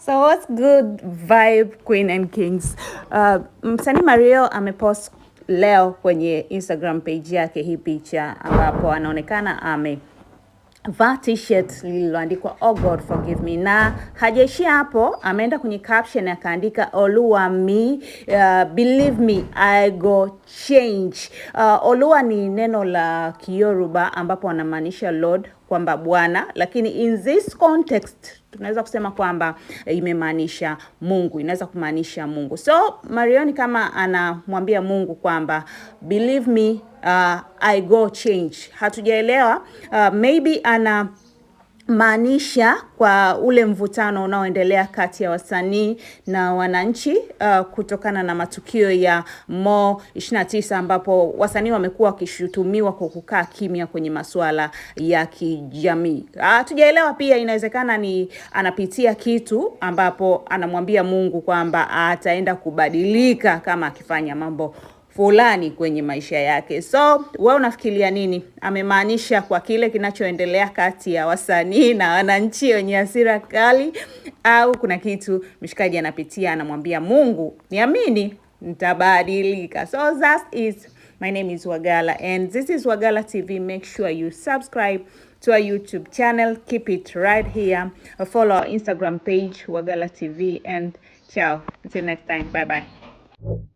So what's good vibe queen and kings? Uh, msanii mario amepost leo kwenye Instagram page yake hii picha ambapo anaonekana ame vaa t-shirt lililoandikwa oh God forgive me, na hajaishia hapo, ameenda kwenye caption akaandika Olua me uh, believe me I go change. Uh, Olua ni neno la Kiyoruba ambapo anamaanisha Lord kwamba Bwana, lakini in this context tunaweza kusema kwamba eh, imemaanisha Mungu, inaweza kumaanisha Mungu. So marioni kama anamwambia Mungu kwamba believe me, uh, I go change. Hatujaelewa uh, maybe ana maanisha kwa ule mvutano unaoendelea kati ya wasanii na wananchi uh, kutokana na matukio ya Mo 29 ambapo wasanii wamekuwa wakishutumiwa kwa kukaa kimya kwenye masuala ya kijamii. Ah, hatujaelewa uh, pia inawezekana ni anapitia kitu ambapo anamwambia Mungu kwamba ataenda kubadilika kama akifanya mambo fulani kwenye maisha yake. So wewe unafikiria nini? Amemaanisha kwa kile kinachoendelea kati ya wasanii na wananchi wenye hasira kali, au kuna kitu mshikaji anapitia, anamwambia Mungu, niamini nitabadilika. So that is my name is Wagala and this is Wagala TV. Make sure you subscribe to our YouTube channel. Keep it right here. Follow our Instagram page Wagala TV and ciao. Until next time. Bye bye.